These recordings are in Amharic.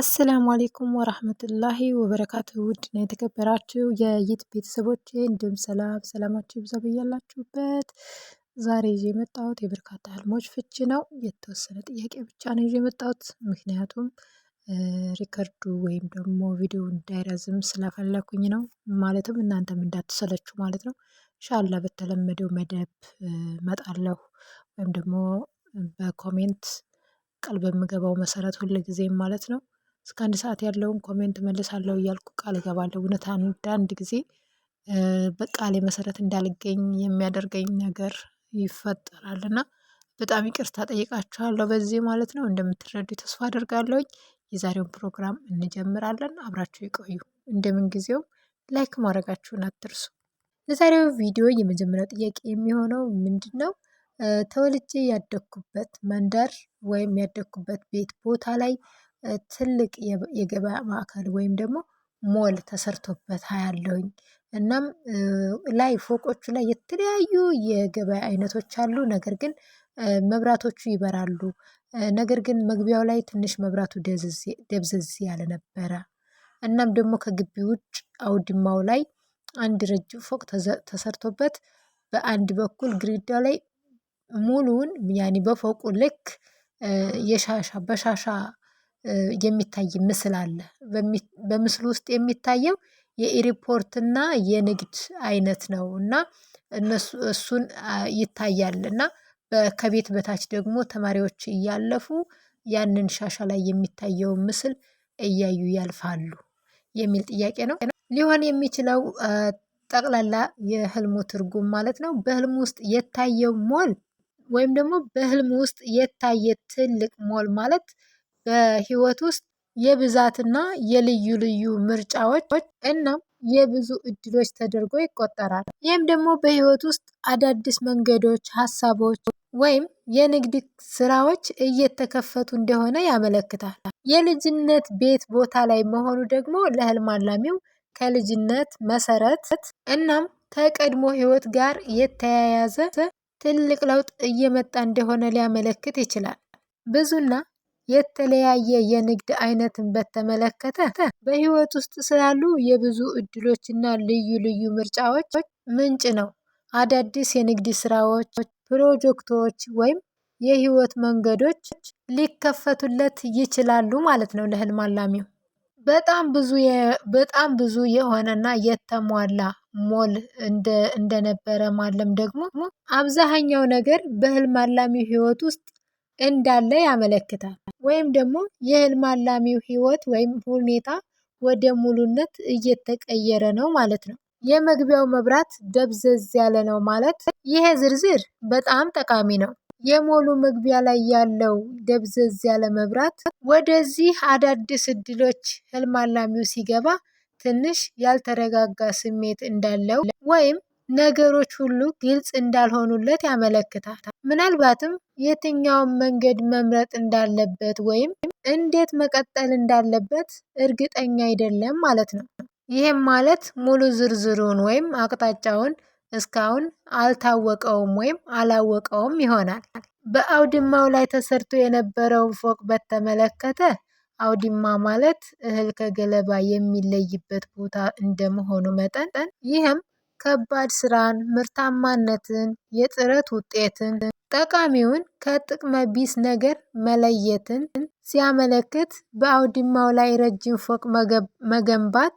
አሰላሙ አሌይኩም ወራህመቱላሂ ወበረካቱ። ውድና የተከበራችሁ የይት ቤተሰቦች እንዲሁም ሰላም ሰላማችሁ ይብዛ በያላችሁበት። ዛሬ ይዤ የመጣሁት የበርካታ ህልሞች ፍቺ ነው። የተወሰነ ጥያቄ ብቻ ነው ይዤ የመጣሁት ምክንያቱም ሪከርዱ ወይም ደግሞ ቪዲዮ እንዳይረዝም ስለፈለኩኝ ነው። ማለትም እናንተም እንዳትሰለችሁ ማለት ነው። ሻላ በተለመደው መደብ መጣለሁ ወይም ደግሞ በኮሜንት ቃል በምገባው መሰረት ሁል ሁልጊዜም ማለት ነው እስከ አንድ ሰዓት ያለውን ኮሜንት መልሳለሁ እያልኩ ቃል እገባለሁ። እውነት አንዳንድ ጊዜ በቃሌ መሰረት እንዳልገኝ የሚያደርገኝ ነገር ይፈጠራል እና በጣም ይቅርታ ጠይቃችኋለሁ በዚህ ማለት ነው። እንደምትረዱ ተስፋ አደርጋለሁኝ። የዛሬውን ፕሮግራም እንጀምራለን። አብራችሁ ይቆዩ። እንደምን ጊዜውም ላይክ ማድረጋችሁን አትርሱ። ለዛሬው ቪዲዮ የመጀመሪያው ጥያቄ የሚሆነው ምንድን ነው? ተወልጄ ያደግኩበት መንደር ወይም ያደግኩበት ቤት ቦታ ላይ ትልቅ የገበያ ማዕከል ወይም ደግሞ ሞል ተሰርቶበት አያለሁኝ። እናም ላይ ፎቆቹ ላይ የተለያዩ የገበያ አይነቶች አሉ ነገር ግን መብራቶቹ ይበራሉ። ነገር ግን መግቢያው ላይ ትንሽ መብራቱ ደብዘዝ ደብዘዝ ያለ ነበረ። እናም ደግሞ ከግቢ ውጭ አውድማው ላይ አንድ ረጅም ፎቅ ተሰርቶበት በአንድ በኩል ግድግዳው ላይ ሙሉውን ያኔ በፎቁ ልክ የሻሻ በሻሻ የሚታይ ምስል አለ። በምስሉ ውስጥ የሚታየው የኢሪፖርት እና የንግድ አይነት ነው እና እሱን ይታያል እና ከቤት በታች ደግሞ ተማሪዎች እያለፉ ያንን ሻሻ ላይ የሚታየው ምስል እያዩ ያልፋሉ የሚል ጥያቄ ነው። ሊሆን የሚችለው ጠቅላላ የህልሙ ትርጉም ማለት ነው። በህልሙ ውስጥ የታየው ሞል ወይም ደግሞ በህልሙ ውስጥ የታየ ትልቅ ሞል ማለት በህይወት ውስጥ የብዛትና የልዩ ልዩ ምርጫዎች እናም የብዙ እድሎች ተደርጎ ይቆጠራል። ይህም ደግሞ በህይወት ውስጥ አዳዲስ መንገዶች፣ ሀሳቦች ወይም የንግድ ስራዎች እየተከፈቱ እንደሆነ ያመለክታል። የልጅነት ቤት ቦታ ላይ መሆኑ ደግሞ ለህልም አላሚው ከልጅነት መሰረት እናም ከቀድሞ ህይወት ጋር የተያያዘ ትልቅ ለውጥ እየመጣ እንደሆነ ሊያመለክት ይችላል። ብዙና የተለያየ የንግድ አይነትን በተመለከተ በህይወት ውስጥ ስላሉ የብዙ እድሎችና ልዩ ልዩ ምርጫዎች ምንጭ ነው። አዳዲስ የንግድ ስራዎች፣ ፕሮጀክቶች ወይም የህይወት መንገዶች ሊከፈቱለት ይችላሉ ማለት ነው። ለህልም አላሚው በጣም ብዙ በጣም ብዙ የሆነና የተሟላ ሞል እንደነበረ ማለም ደግሞ አብዛኛው ነገር በህልም አላሚው ህይወት ውስጥ እንዳለ ያመለክታል። ወይም ደግሞ የህልም አላሚው ህይወት ወይም ሁኔታ ወደ ሙሉነት እየተቀየረ ነው ማለት ነው። የመግቢያው መብራት ደብዘዝ ያለ ነው ማለት ይሄ ዝርዝር በጣም ጠቃሚ ነው። የሞሉ መግቢያ ላይ ያለው ደብዘዝ ያለ መብራት ወደዚህ አዳዲስ እድሎች ህልም አላሚው ሲገባ ትንሽ ያልተረጋጋ ስሜት እንዳለው ወይም ነገሮች ሁሉ ግልጽ እንዳልሆኑለት ያመለክታል። ምናልባትም የትኛውን መንገድ መምረጥ እንዳለበት ወይም እንዴት መቀጠል እንዳለበት እርግጠኛ አይደለም ማለት ነው። ይህም ማለት ሙሉ ዝርዝሩን ወይም አቅጣጫውን እስካሁን አልታወቀውም ወይም አላወቀውም ይሆናል። በአውድማው ላይ ተሰርቶ የነበረውን ፎቅ በተመለከተ አውድማ ማለት እህል ከገለባ የሚለይበት ቦታ እንደመሆኑ መጠን ይህም ከባድ ስራን፣ ምርታማነትን፣ የጥረት ውጤትን፣ ጠቃሚውን ከጥቅመ ቢስ ነገር መለየትን ሲያመለክት በአውድማው ላይ ረጅም ፎቅ መገንባት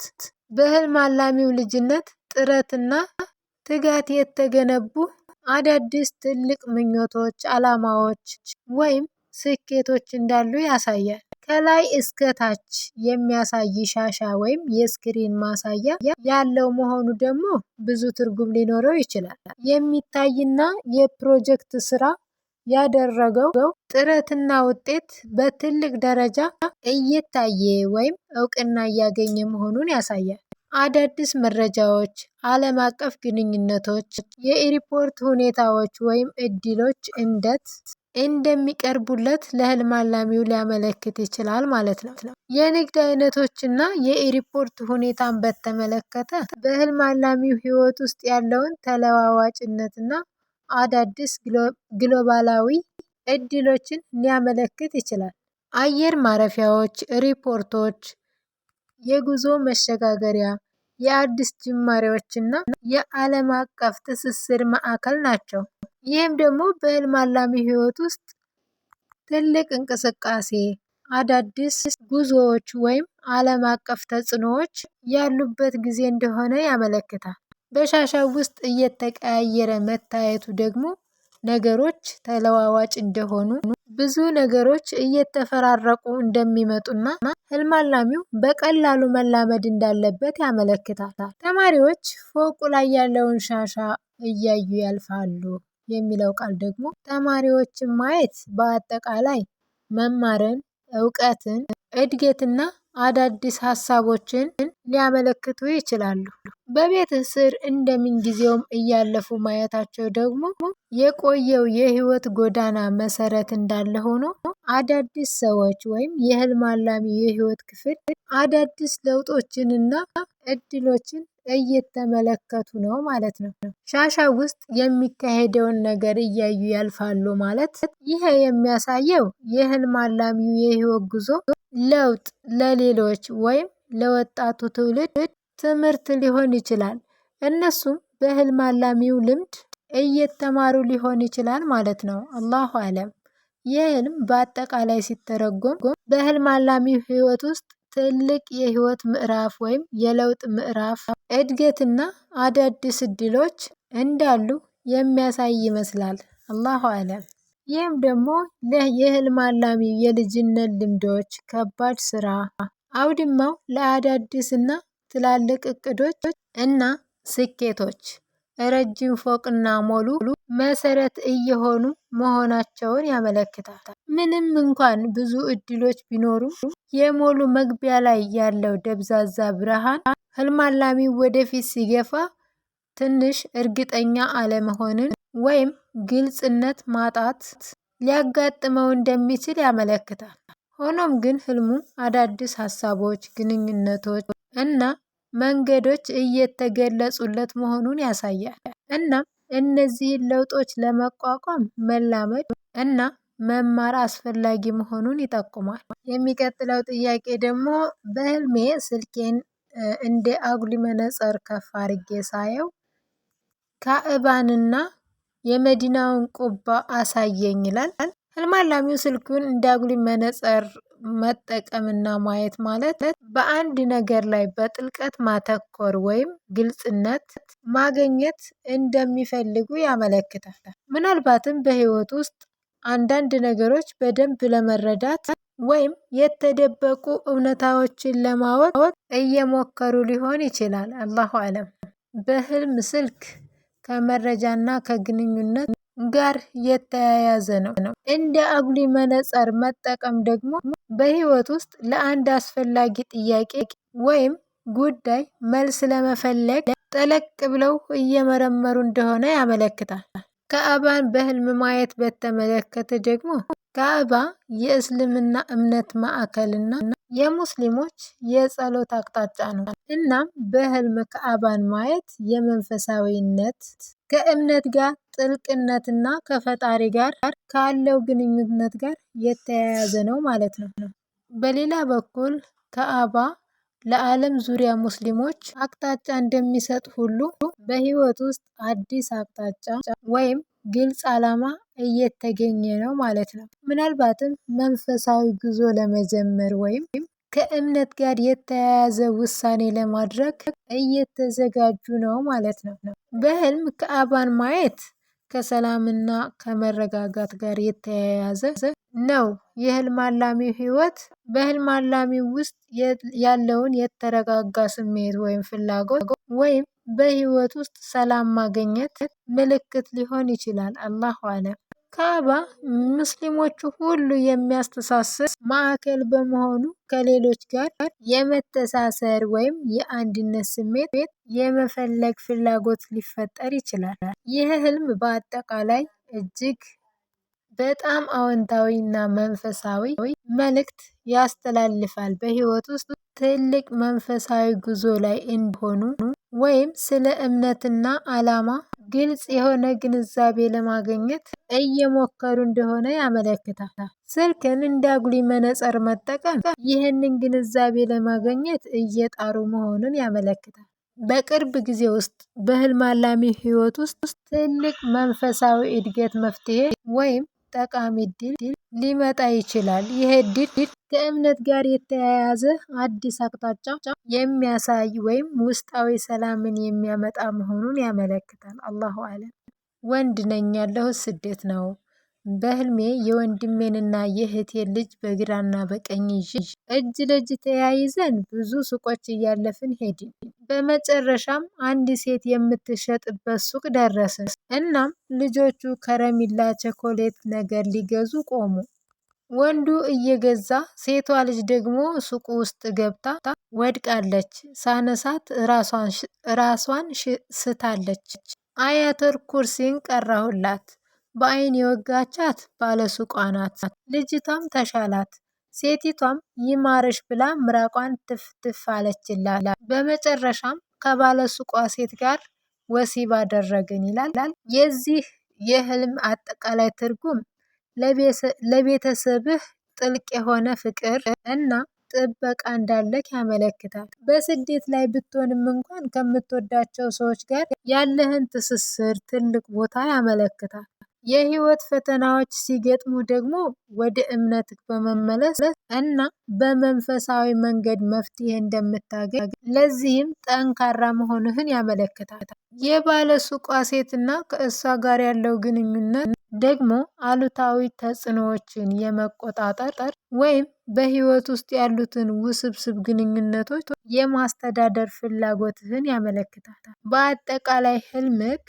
በህልም አላሚው ልጅነት ጥረትና ትጋት የተገነቡ አዳዲስ ትልቅ ምኞቶች፣ አላማዎች ወይም ስኬቶች እንዳሉ ያሳያል። ከላይ እስከ ታች የሚያሳይ ሻሻ ወይም የስክሪን ማሳያ ያለው መሆኑ ደግሞ ብዙ ትርጉም ሊኖረው ይችላል። የሚታይና የፕሮጀክት ስራ ያደረገው ጥረትና ውጤት በትልቅ ደረጃ እየታየ ወይም እውቅና እያገኘ መሆኑን ያሳያል። አዳዲስ መረጃዎች፣ ዓለም አቀፍ ግንኙነቶች፣ የሪፖርት ሁኔታዎች ወይም እድሎች እንደት እንደሚቀርቡለት ለህልም አላሚው ሊያመለክት ይችላል ማለት ነው። የንግድ አይነቶችና የኢሪፖርት ሁኔታን በተመለከተ በህልም አላሚው ህይወት ውስጥ ያለውን ተለዋዋጭነትና አዳዲስ ግሎባላዊ እድሎችን ሊያመለክት ይችላል። አየር ማረፊያዎች ሪፖርቶች የጉዞ መሸጋገሪያ የአዲስ ጅማሬዎችና የአለም አቀፍ ትስስር ማዕከል ናቸው ይህም ደግሞ በህልም አላሚ ህይወት ውስጥ ትልቅ እንቅስቃሴ፣ አዳዲስ ጉዞዎች ወይም ዓለም አቀፍ ተጽዕኖዎች ያሉበት ጊዜ እንደሆነ ያመለክታል። በሻሻው ውስጥ እየተቀያየረ መታየቱ ደግሞ ነገሮች ተለዋዋጭ እንደሆኑ ብዙ ነገሮች እየተፈራረቁ እንደሚመጡና ህልም አላሚው በቀላሉ መላመድ እንዳለበት ያመለክታል። ተማሪዎች ፎቁ ላይ ያለውን ሻሻ እያዩ ያልፋሉ። የሚለው ቃል ደግሞ ተማሪዎችን ማየት በአጠቃላይ መማርን እውቀትን እድገትና አዳዲስ ሀሳቦችን ሊያመለክቱ ይችላሉ። በቤት ስር እንደምን ጊዜውም እያለፉ ማየታቸው ደግሞ የቆየው የህይወት ጎዳና መሰረት እንዳለ ሆኖ አዳዲስ ሰዎች ወይም የህልም አላሚ የህይወት ክፍል አዳዲስ ለውጦችንና እድሎችን እየተመለከቱ ነው ማለት ነው። ሻሻ ውስጥ የሚካሄደውን ነገር እያዩ ያልፋሉ ማለት ይህ የሚያሳየው የህልም አላሚው የህይወት ጉዞ ለውጥ ለሌሎች ወይም ለወጣቱ ትውልድ ትምህርት ሊሆን ይችላል። እነሱም በህልም አላሚው ልምድ እየተማሩ ሊሆን ይችላል ማለት ነው። አላሁ አለም። ይህ ህልም በአጠቃላይ ሲተረጎም በህልም አላሚው ህይወት ውስጥ ትልቅ የህይወት ምዕራፍ ወይም የለውጥ ምዕራፍ፣ እድገትና አዳዲስ እድሎች እንዳሉ የሚያሳይ ይመስላል። አላሁ አለም። ይህም ደግሞ የህልም አላሚው የልጅነት ልምዶች፣ ከባድ ስራ፣ አውድማው ለአዳዲስና ትላልቅ እቅዶች እና ስኬቶች ረጅም ፎቅና ሞሉ መሰረት እየሆኑ መሆናቸውን ያመለክታል። ምንም እንኳን ብዙ እድሎች ቢኖሩ የሞሉ መግቢያ ላይ ያለው ደብዛዛ ብርሃን ህልማላሚ ወደፊት ሲገፋ ትንሽ እርግጠኛ አለመሆንን ወይም ግልጽነት ማጣት ሊያጋጥመው እንደሚችል ያመለክታል። ሆኖም ግን ህልሙ አዳዲስ ሀሳቦች፣ ግንኙነቶች እና መንገዶች እየተገለጹለት መሆኑን ያሳያል። እናም እነዚህን ለውጦች ለመቋቋም መላመድ እና መማር አስፈላጊ መሆኑን ይጠቁማል። የሚቀጥለው ጥያቄ ደግሞ በህልሜ ስልኬን እንደ አጉሊ መነጽር ከፍ አድርጌ ሳየው ካዕባንና የመዲናውን ቁባ አሳየኝ ይላል። ህልም አላሚው ስልኩን እንደ አጉሊ መነጽር መጠቀምና ማየት ማለት በአንድ ነገር ላይ በጥልቀት ማተኮር ወይም ግልጽነት ማግኘት እንደሚፈልጉ ያመለክታል። ምናልባትም በህይወት ውስጥ አንዳንድ ነገሮች በደንብ ለመረዳት ወይም የተደበቁ እውነታዎችን ለማወቅ እየሞከሩ ሊሆን ይችላል። አላሁ አለም። በህልም ስልክ ከመረጃና ከግንኙነት ጋር የተያያዘ ነው። እንደ አጉሊ መነጽር መጠቀም ደግሞ በህይወት ውስጥ ለአንድ አስፈላጊ ጥያቄ ወይም ጉዳይ መልስ ለመፈለግ ጠለቅ ብለው እየመረመሩ እንደሆነ ያመለክታል። ከአባን በህልም ማየት በተመለከተ ደግሞ ካዕባ የእስልምና እምነት ማዕከልና የሙስሊሞች የጸሎት አቅጣጫ ነው። እናም በህልም ካዕባን ማየት የመንፈሳዊነት ከእምነት ጋር ጥልቅነትና ከፈጣሪ ጋር ካለው ግንኙነት ጋር የተያያዘ ነው ማለት ነው። በሌላ በኩል ካዕባ ለዓለም ዙሪያ ሙስሊሞች አቅጣጫ እንደሚሰጥ ሁሉ በህይወት ውስጥ አዲስ አቅጣጫ ወይም ግልጽ ዓላማ እየተገኘ ነው ማለት ነው። ምናልባትም መንፈሳዊ ጉዞ ለመጀመር ወይም ከእምነት ጋር የተያያዘ ውሳኔ ለማድረግ እየተዘጋጁ ነው ማለት ነው። በህልም ከአባን ማየት ከሰላምና ከመረጋጋት ጋር የተያያዘ ነው። የህልም አላሚው ህይወት በህልም አላሚው ውስጥ ያለውን የተረጋጋ ስሜት ወይም ፍላጎት ወይም በህይወት ውስጥ ሰላም ማግኘት ምልክት ሊሆን ይችላል። አላሁ አለም። ካዕባ ሙስሊሞቹ ሁሉ የሚያስተሳስር ማዕከል በመሆኑ ከሌሎች ጋር የመተሳሰር ወይም የአንድነት ስሜት የመፈለግ ፍላጎት ሊፈጠር ይችላል። ይህ ህልም በአጠቃላይ እጅግ በጣም አዎንታዊና መንፈሳዊ መልእክት ያስተላልፋል። በህይወት ውስጥ ትልቅ መንፈሳዊ ጉዞ ላይ እንዲሆኑ ወይም ስለ እምነትና ዓላማ ግልጽ የሆነ ግንዛቤ ለማግኘት እየሞከሩ እንደሆነ ያመለክታል። ስልክን እንደ አጉሊ መነጽር መጠቀም ይህንን ግንዛቤ ለማግኘት እየጣሩ መሆኑን ያመለክታል። በቅርብ ጊዜ ውስጥ በህልም አላሚ ህይወት ውስጥ ትልቅ መንፈሳዊ እድገት መፍትሄ ወይም ጠቃሚ እድል ሊመጣ ይችላል። ይህ እድል ከእምነት ጋር የተያያዘ አዲስ አቅጣጫ የሚያሳይ ወይም ውስጣዊ ሰላምን የሚያመጣ መሆኑን ያመለክታል። አላሁ አለም። ወንድ ነኝ ያለሁት ስደት ነው በህልሜ የወንድሜንና የእህቴን ልጅ በግራና በቀኝ ይዤ እጅ ለእጅ ተያይዘን ብዙ ሱቆች እያለፍን ሄድን። በመጨረሻም አንድ ሴት የምትሸጥበት ሱቅ ደረስን። እናም ልጆቹ ከረሚላ፣ ቸኮሌት ነገር ሊገዙ ቆሙ። ወንዱ እየገዛ ሴቷ ልጅ ደግሞ ሱቁ ውስጥ ገብታ ወድቃለች። ሳነሳት ራሷን ስታለች። አያተር ኩርሲን ቀራሁላት። በአይን የወጋቻት ባለሱቋ ናት። ልጅቷም ተሻላት። ሴቲቷም ይማርሽ ብላ ምራቋን ትፍትፍ አለችላት። በመጨረሻም ከባለሱቋ ሴት ጋር ወሲብ አደረግን ይላል። የዚህ የህልም አጠቃላይ ትርጉም ለቤተሰብህ ጥልቅ የሆነ ፍቅር እና ጥበቃ እንዳለክ ያመለክታል። በስደት ላይ ብትሆንም እንኳን ከምትወዳቸው ሰዎች ጋር ያለህን ትስስር ትልቅ ቦታ ያመለክታል። የህይወት ፈተናዎች ሲገጥሙ ደግሞ ወደ እምነት በመመለስ እና በመንፈሳዊ መንገድ መፍትሄ እንደምታገኝ ለዚህም ጠንካራ መሆንህን ያመለክታል። የባለ ሱቋ ሴትና ከእሷ ጋር ያለው ግንኙነት ደግሞ አሉታዊ ተጽዕኖዎችን የመቆጣጠር ወይም በህይወት ውስጥ ያሉትን ውስብስብ ግንኙነቶች የማስተዳደር ፍላጎትህን ያመለክታል። በአጠቃላይ ህልምክ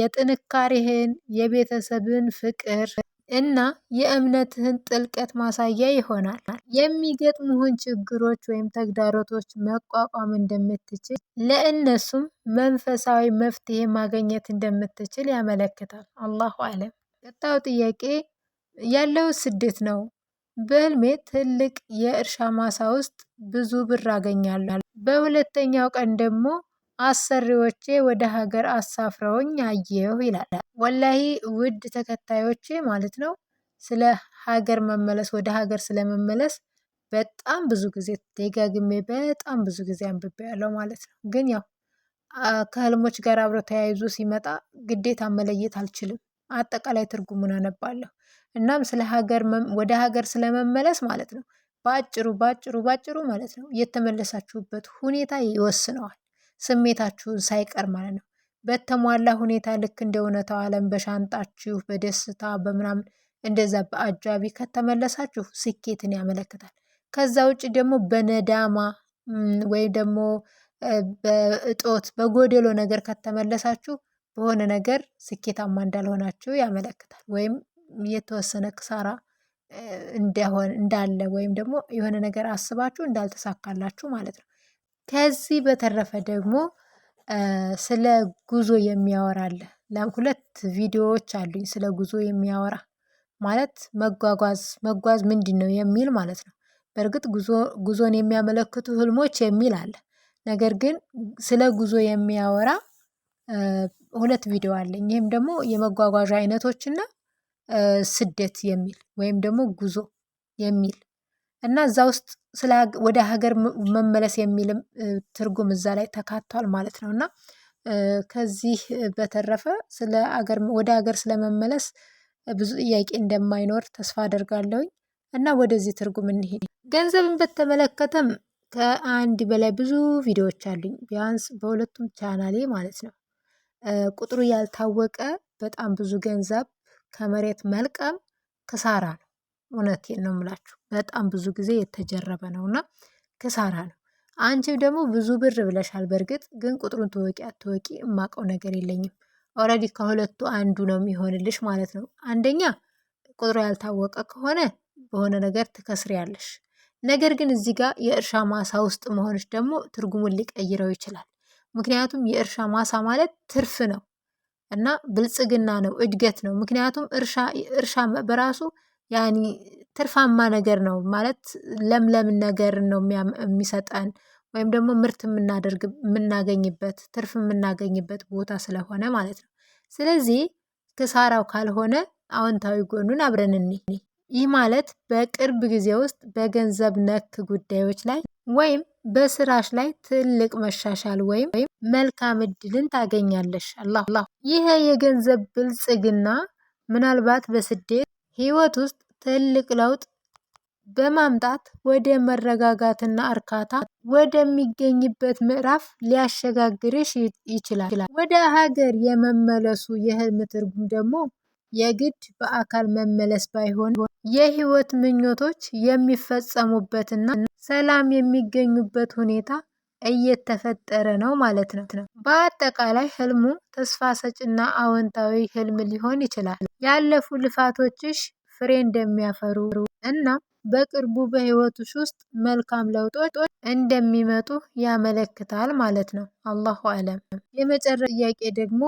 የጥንካሬህን የቤተሰብን ፍቅር እና የእምነትህን ጥልቀት ማሳያ ይሆናል። የሚገጥሙህን ችግሮች ወይም ተግዳሮቶች መቋቋም እንደምትችል፣ ለእነሱም መንፈሳዊ መፍትሄ ማግኘት እንደምትችል ያመለክታል። አላሁ አለም። ቀጣዩ ጥያቄ ያለው ስደት ነው። በህልሜ ትልቅ የእርሻ ማሳ ውስጥ ብዙ ብር አገኛለሁ። በሁለተኛው ቀን ደግሞ አሰሪዎቼ ወደ ሀገር አሳፍረውኝ አየሁ ይላል። ወላሂ ውድ ተከታዮቼ ማለት ነው ስለ ሀገር መመለስ ወደ ሀገር ስለመመለስ በጣም ብዙ ጊዜ ደጋግሜ በጣም ብዙ ጊዜ አንብቤ ያለው ማለት ነው። ግን ያው ከህልሞች ጋር አብሮ ተያይዞ ሲመጣ ግዴታ መለየት አልችልም። አጠቃላይ ትርጉሙን አነባለሁ። እናም ስለ ሀገር ወደ ሀገር ስለመመለስ ማለት ነው በአጭሩ በአጭሩ በአጭሩ ማለት ነው የተመለሳችሁበት ሁኔታ ይወስነዋል ስሜታችሁን ሳይቀር ማለት ነው በተሟላ ሁኔታ ልክ እንደ እውነታው ዓለም በሻንጣችሁ በደስታ በምናምን እንደዛ በአጃቢ ከተመለሳችሁ ስኬትን ያመለክታል። ከዛ ውጭ ደግሞ በነዳማ ወይም ደግሞ በእጦት በጎደሎ ነገር ከተመለሳችሁ በሆነ ነገር ስኬታማ እንዳልሆናችሁ ያመለክታል። ወይም የተወሰነ ክሳራ እንዳለ ወይም ደግሞ የሆነ ነገር አስባችሁ እንዳልተሳካላችሁ ማለት ነው። ከዚህ በተረፈ ደግሞ ስለ ጉዞ የሚያወራ አለ ሁለት ቪዲዮዎች አሉኝ ስለ ጉዞ የሚያወራ ማለት መጓጓዝ መጓዝ ምንድነው የሚል ማለት ነው። በእርግጥ ጉዞ ጉዞን የሚያመለክቱ ህልሞች የሚል አለ። ነገር ግን ስለ ጉዞ የሚያወራ ሁለት ቪዲዮ አለኝ ይህም ደግሞ የመጓጓዣ አይነቶች ስደት የሚል ወይም ደግሞ ጉዞ የሚል እና እዛ ውስጥ ስለ ወደ ሀገር መመለስ የሚልም ትርጉም እዛ ላይ ተካቷል ማለት ነው። እና ከዚህ በተረፈ ስለ ወደ ሀገር ስለመመለስ ብዙ ጥያቄ እንደማይኖር ተስፋ አደርጋለሁኝ። እና ወደዚህ ትርጉም እንሄድ። ገንዘብን በተመለከተም ከአንድ በላይ ብዙ ቪዲዮዎች አሉኝ ቢያንስ በሁለቱም ቻናሌ ማለት ነው። ቁጥሩ ያልታወቀ በጣም ብዙ ገንዘብ ከመሬት መልቀም ክሳራ ነው እውነቴን ነው የምላችሁ በጣም ብዙ ጊዜ የተጀረበ ነውና ክሳራ ነው። አንቺም ደግሞ ብዙ ብር ብለሻል። በእርግጥ ግን ቁጥሩን ትወቂ አትወቂ የማውቀው ነገር የለኝም። ኦልሬዲ ከሁለቱ አንዱ ነው የሚሆንልሽ ማለት ነው። አንደኛ ቁጥሩ ያልታወቀ ከሆነ በሆነ ነገር ትከስሪያለሽ። ነገር ግን እዚህ ጋር የእርሻ ማሳ ውስጥ መሆንሽ ደግሞ ትርጉሙን ሊቀይረው ይችላል። ምክንያቱም የእርሻ ማሳ ማለት ትርፍ ነው እና ብልጽግና ነው፣ እድገት ነው። ምክንያቱም እርሻ በራሱ ያኒ ትርፋማ ነገር ነው ማለት ለምለምን ነገር ነው የሚሰጠን ወይም ደግሞ ምርት የምናደርግ የምናገኝበት ትርፍ የምናገኝበት ቦታ ስለሆነ ማለት ነው። ስለዚህ ክሳራው ካልሆነ አዎንታዊ ጎኑን አብረን እንይ። ይህ ማለት በቅርብ ጊዜ ውስጥ በገንዘብ ነክ ጉዳዮች ላይ ወይም በስራሽ ላይ ትልቅ መሻሻል ወይም ወይም መልካም እድልን ታገኛለሽ። አላህ ይህ የገንዘብ ብልጽግና ምናልባት በስደት ህይወት ውስጥ ትልቅ ለውጥ በማምጣት ወደ መረጋጋትና እርካታ ወደሚገኝበት ምዕራፍ ሊያሸጋግርሽ ይችላል። ወደ ሀገር የመመለሱ የህልም ትርጉም ደግሞ የግድ በአካል መመለስ ባይሆን የህይወት ምኞቶች የሚፈጸሙበትና ሰላም የሚገኙበት ሁኔታ እየተፈጠረ ነው ማለት ነው። በአጠቃላይ ህልሙ ተስፋ ሰጭና አዎንታዊ ህልም ሊሆን ይችላል። ያለፉ ልፋቶችሽ ፍሬ እንደሚያፈሩ እና በቅርቡ በህይወትሽ ውስጥ መልካም ለውጦች እንደሚመጡ ያመለክታል ማለት ነው። አላሁ አለም። የመጨረሻ ጥያቄ ደግሞ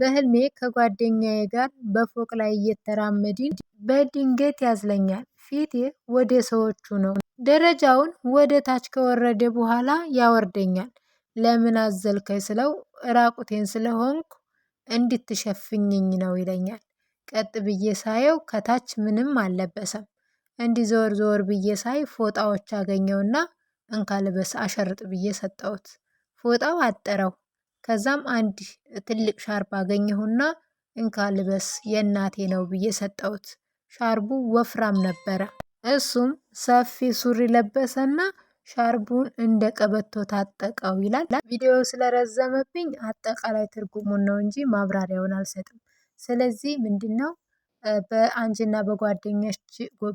በህልሜ ከጓደኛዬ ጋር በፎቅ ላይ እየተራመድን በድንገት ያዝለኛል። ፊቴ ወደ ሰዎቹ ነው። ደረጃውን ወደ ታች ከወረደ በኋላ ያወርደኛል። ለምን አዘልከኝ ስለው ራቁቴን ስለሆንኩ እንድትሸፍኝኝ ነው ይለኛል። ቀጥ ብዬ ሳየው ከታች ምንም አልለበሰም። እንዲህ ዘወር ዘወር ብዬ ሳይ ፎጣዎች አገኘውና እንካልበስ አሸርጥ ብዬ ሰጠሁት። ፎጣው አጠረው። ከዛም አንድ ትልቅ ሻርፕ አገኘሁና እንካልበስ የእናቴ ነው ብዬ ሰጠሁት። ሻርቡ ወፍራም ነበረ። እሱም ሰፊ ሱሪ ለበሰና ሻርቡን እንደ ቀበቶ ታጠቀው ይላል። ቪዲዮ ስለረዘመብኝ አጠቃላይ ትርጉሙን ነው እንጂ ማብራሪያውን አልሰጥም። ስለዚህ ምንድን ነው በአንቺና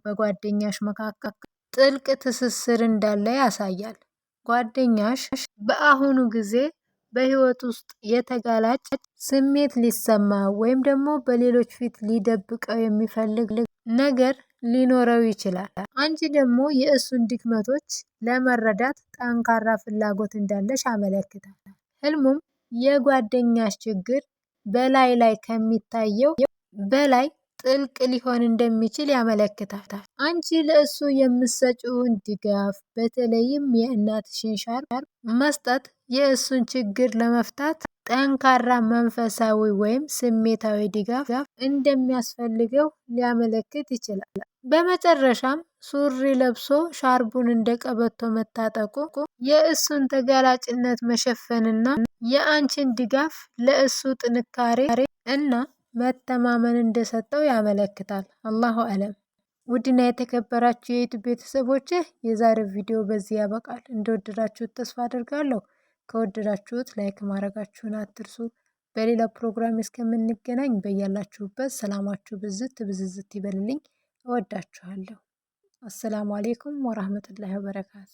በጓደኛሽ መካከል ጥልቅ ትስስር እንዳለ ያሳያል። ጓደኛሽ በአሁኑ ጊዜ በህይወት ውስጥ የተጋላጭ ስሜት ሊሰማ ወይም ደግሞ በሌሎች ፊት ሊደብቀው የሚፈልግ ነገር ሊኖረው ይችላል። አንቺ ደግሞ የእሱን ድክመቶች ለመረዳት ጠንካራ ፍላጎት እንዳለሽ አመለክታል። ህልሙም የጓደኛሽ ችግር በላይ ላይ ከሚታየው በላይ ጥልቅ ሊሆን እንደሚችል ያመለክታል። አንቺ ለእሱ የምትሰጪውን ድጋፍ፣ በተለይም የእናትሽን ሻርፕ መስጠት የእሱን ችግር ለመፍታት ጠንካራ መንፈሳዊ ወይም ስሜታዊ ድጋፍ እንደሚያስፈልገው ሊያመለክት ይችላል። በመጨረሻም ሱሪ ለብሶ ሻርቡን እንደ ቀበቶ መታጠቁ የእሱን ተጋላጭነት መሸፈንና የአንቺን ድጋፍ ለእሱ ጥንካሬ እና መተማመን እንደሰጠው ያመለክታል። አላሁ አለም። ውድና የተከበራችሁ የዩቱብ ቤተሰቦች የዛሬው ቪዲዮ በዚህ ያበቃል። እንደወደዳችሁት ተስፋ አድርጋለሁ። ከወደዳችሁት ላይክ ማድረጋችሁን አትርሱ። በሌላ ፕሮግራም እስከምንገናኝ በያላችሁበት ሰላማችሁ ብዝት ብዝዝት ይበልልኝ። እወዳችኋለሁ። አሰላሙ አሌይኩም ወራህመቱላሂ ወበረካቱ